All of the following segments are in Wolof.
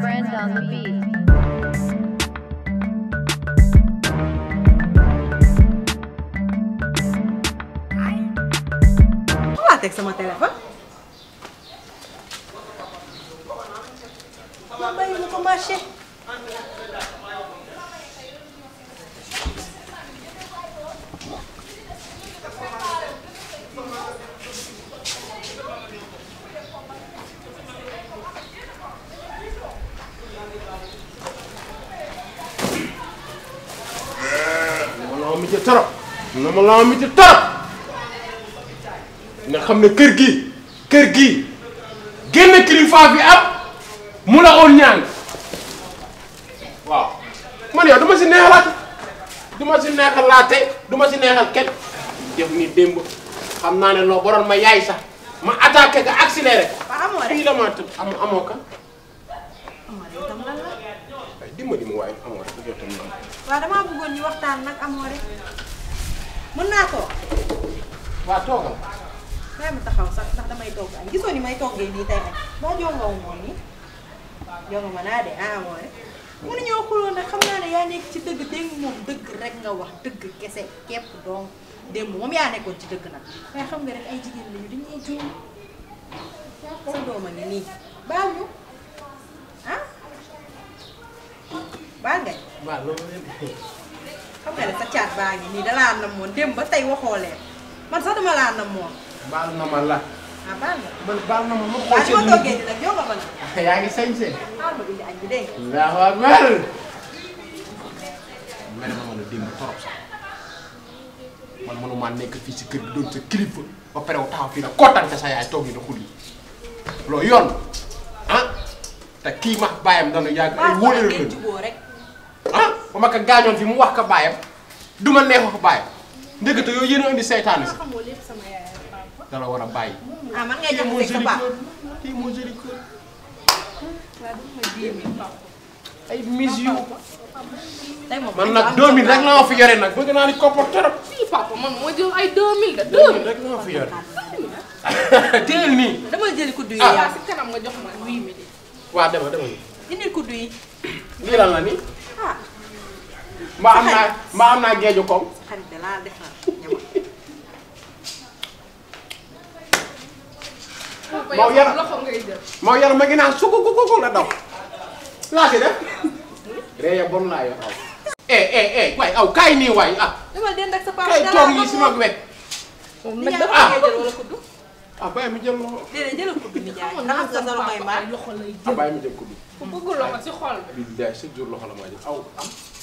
friend on the beat. laa teg sama téléphone. ma bàyyi ma ko marché. lama ci torop na ma lama torop nga xam ne kër gi kër gi génn kilifa bi am mu la oon ñaan waaw man yow du ma si neexalaate du ma si neexalaate du ma si neexal kenn def ni démb xam naa ne loo borom ma yaay sax ma attaqué ka accéléré ko fii la ma tëb am amoo ka dimbali ma waaye amoo rek waaw damaa bëggoon ñu waxtaan nag amoo rek mën naa toog. waaw toogal. xëy ma taxaw sax ndax damay togg añ gisoo ni may toggee nii tey nag moo moom nii jonga ma naa de ah amoo rek. mënuñoo xuloon nag xam naa ne yaa nekk ci dëgg dégg moom dëgg rek nga wax dëgg kese képp donc démb moom yaa nekkoon ci dëgg nag waaye xam nga rek ay jigéen lañu dañuy juum sa ah? nga waaw loolu lépp. xam nga ne ba man na man yaa ngi sañ see. ah ma démb torop sax man mënumaa nekk fii si kër bi doon sa kilifa ba pare wu taxaw fii nag kontaan sa yaay toog yi na xul yi loolu yoon ah te kii max bàyyam dana yàgg ay wóor la ba ma ko gaañoon fi mu wax ko baayam du ma neexu ko baayam ndekete yooyu yéen a indi seytaane si dala war a bàyyi. Ah, man ngay jàpp rek moo ay mis yu. man nag 2000 rek la ma fi yore nag bëgg naa ni koppar trop. fii papa man moo jël ay 2000 de 2000 rek la ma fi yore. teel ah, ah. nii. dama jëli kuddu yi. ah si kanam nga jox ma 8000. lii lan la nii. ma am naa ma am naa géeju kaw. xarit da yaram ma ngi naan sukukukuku la daw. laa si def. ree ya bon laa yor aw. eh eh eh waay aw kaay nii waay ah. dama dend ak sa papa kay toog yi sama wet. moom nag dafa am ah. jël wala kuddu. ah bàyyi ma jël loxo. déedéet jëlal kuddu bi jaay. ndax sa loxo ah bàyyi ma jël kuddu. ku si xol bi. bi loxo la maa jël aw am.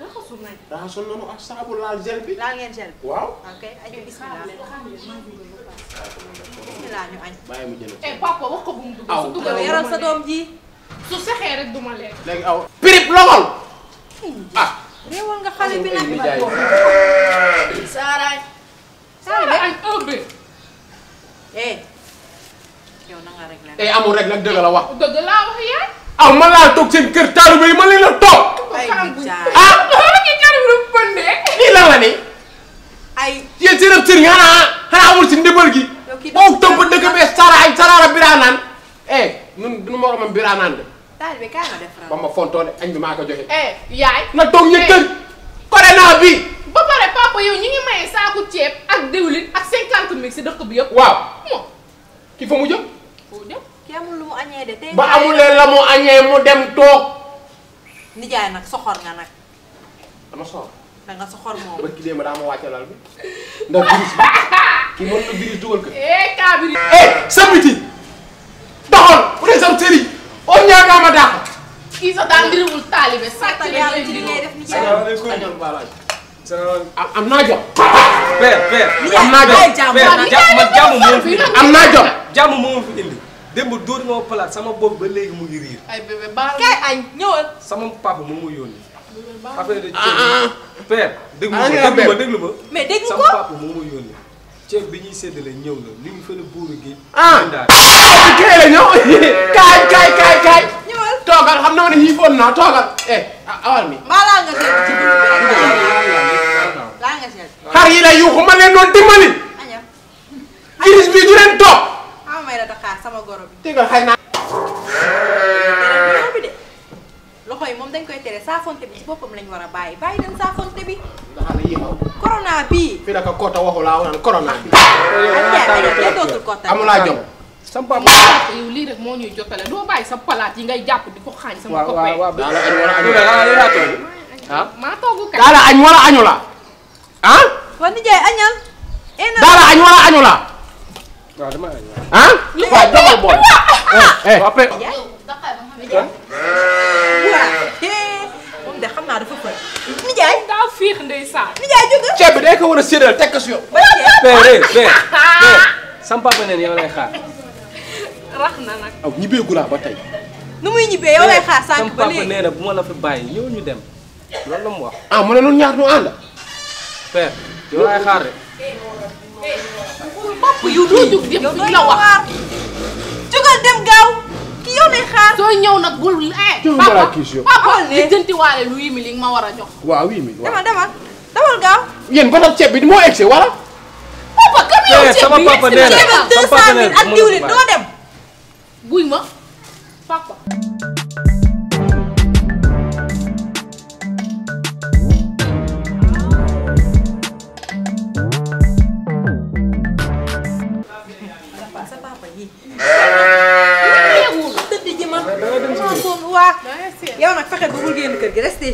raxasul nañ raxasul nañu ak saabu laal gel ngeen gel waaw. ok ayca bisimilah. bisimilah ñu añ. bàyyi mu eh papa wax ko bu mu dugg. yaram sa doom ji. su sexee rek duma lekk. aw pirip lool. ah. réewal nga xale bi nag. saaraay. saaraay añ bi. eh. yow na nga rek la. eh amul rek nag dëgg la wax. aw ma laa toog seen kër taalu bi ma ah lii la la ni. ay yéen seen ab sëriñ xanaa xanaa amul si ndimbal gi. boo tëmb dëkk bee saraay saraara biraanaan eh nun du ma war a biraanaan de. taalibe kaay ma def ba ma fontoo de ko joxe. Eh, yaay bi. ba pare papa yow ñu ngi maye saaku ceeb ak diwlin ak cinquante mille si dëkk bi yëpp. waaw ki fa mu jëm. ba amulee la mu añee mu dem toog. nijaay nag soxor nga nag. dama soxor. da nga soxor moom. barki démb daa ma wàcce lal bi ndax virus bi kii mën na virus dugal ko. eh kaa bi. eh sëbiti doxal bu dee sam sëriñ on ñaaga ma dàq. kii sax daal mbirimul taalibe sàcc yàlla ci li ngay def nijaay. am naa jot. père père am naa jot père jàmm man jàmm moo fi indi am naa jot jàmm moo fi indi. démb dóor nga ma palaat sama bopp ba léegi mu ngi riir. ay bébé baal kay ay ñëwal. sama papa moom moo yónni. affaire de ceeb ah, ah, ah. père déglu ma déglu ma déglu ma. mais déglu ko sama papa moom moo yónni. ceeb bi ñuy séddale ñëw na ñu ngi fële buuru gi. ah kay la ñëw kaay kaay kaay kaay. ñëwal toogal xam naa ne yii foon naa toogal. eh awal mi. maa laa nga seet ci laa nga seet. xar yi lay yuuxu ma leen doon dimbali. iris bi du leen topp. may la taxaar sama goro yi moom dañ koy tere saafonte bi lañ war a bàyyi bàyyi leen saafonte bi. nga xam ne yéen sa lii rek moo ñuy jotale doo bàyyi yi ngay jàpp ko xaañ sama añ ah maa añ wala añu añ wala añu la. waaw dama ah. waaw joxal bool. après. moom de xam naa dafa fër. nijaay daa fiix ndeysaan. nijaay jóg. ceeb bi day ko war a séddal teg ko si yow. ba ceeb bee sam papa neen yow lay xaar. rax na nag. aw ñibbee gu laa ba tey. nu muy ñibbee yow lay xaar sànq ba léegi sam papa nee na bu ma la fa bàyyi yow ñu dem loolu la mu wax. ah mu ne ñun ñaar ñu ànd. père yow lay xaar de. bopp yu doo jug yëpp ñu la wax jugal dem gaaw ki yow lay xaar. soo ñëw nag bul eh. papa papa li jëntiwaale lu huit mille li ma war a jox. waaw huit mille waaw. demal demal demal gaaw. yéen ba tax ceeb bi moo egg si wala. papa comme yow eh, ceeb bi sama papa nee na sama papa nee doo dem. buy ma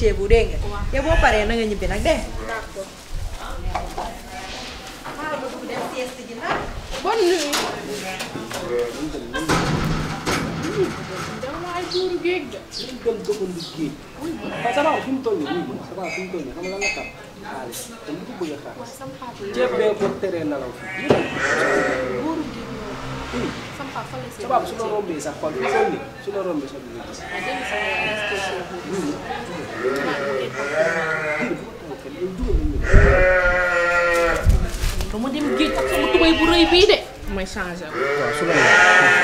dossier bu dégg nga. yow boo paree na nga ñibbi nag dégg nga. bon nuyu. ay tuuru géej ga. li gën dëkkandu géej. parce que waaw fi mu toll nii waaw fi mu nga lan la tax xaalis te mu bëgg a xaalis. jéem bee ko teree tubaab su la rombee sax xool xool ni su la rombee sax dina gis. dama dem géej ak sama tubay bu rëy bii de. may changé waaw su la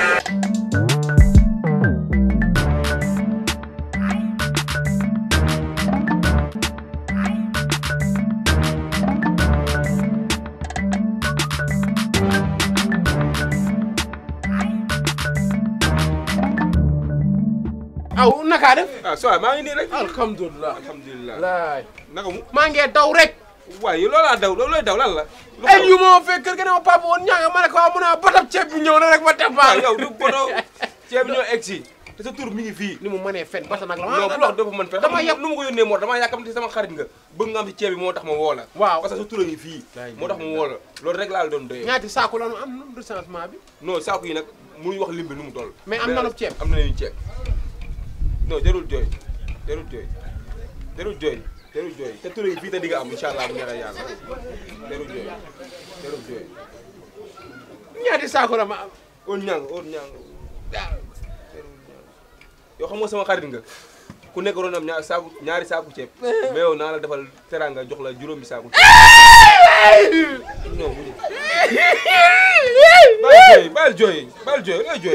ah a maa ngi nii rek. alhamdulilah alhamdulilah. laay mu. maa ngee daw rek. waaye loolaa daw loolooy daw lan la. lu ay yu ma fekk kër ga ne ma papa woon ñaa nga ma ne ko ah mu ne ceeb bi ñëw na rek ma dem sa tur mi ngi fii ni mu mënee fen basa nag la non bu wax dafa mën fen dama nga bëgg nga am ceeb moo tax ma woo waaw parce que sa tur a fii moo tax ma woo la loolu laa la doon doyee ñaati saako la nu am nu recensement bi non saako yi bi nu mu toll mais am non jarul jooy jarul jooy jarul jooy jarul jooy te tur yi fii te di nga am jarul jooy jarul jooy ñaati saako la ma am on ñàng on ñàng yoo xam nga sama xarit nga ku nekk roon am ñaar saaku ñaari saaku ceeb mais yow naa la defal teranga jox la juróomi saaku ceeb non baal jooy baal jooy baal jooy looy jooy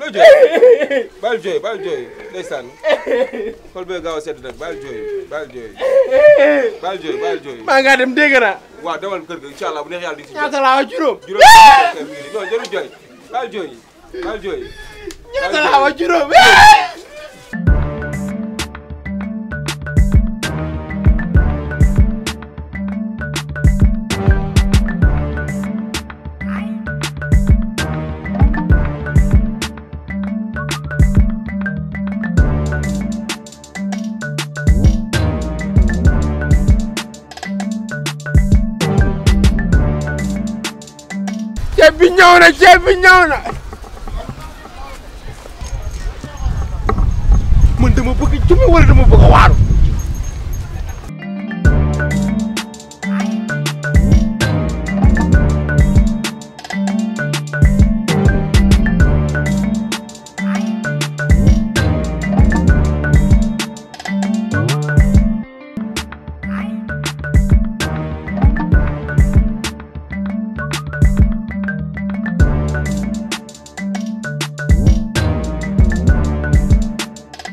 looy jooy baal jooy baal jooy ndeysaan xol bee gaaw a sedd nag baal jooy baal jooy baal jooy baal jooy maa ngaa dem dégg naa waaw demal kër ga incha allah bu neex yàlla di si ñaata laa juróom juróom non jarul jooy baal jooy baal jooy bi ñëw na ceeb bi ñëw na. man dama bëgg jëmm wala duma bëgg waaru.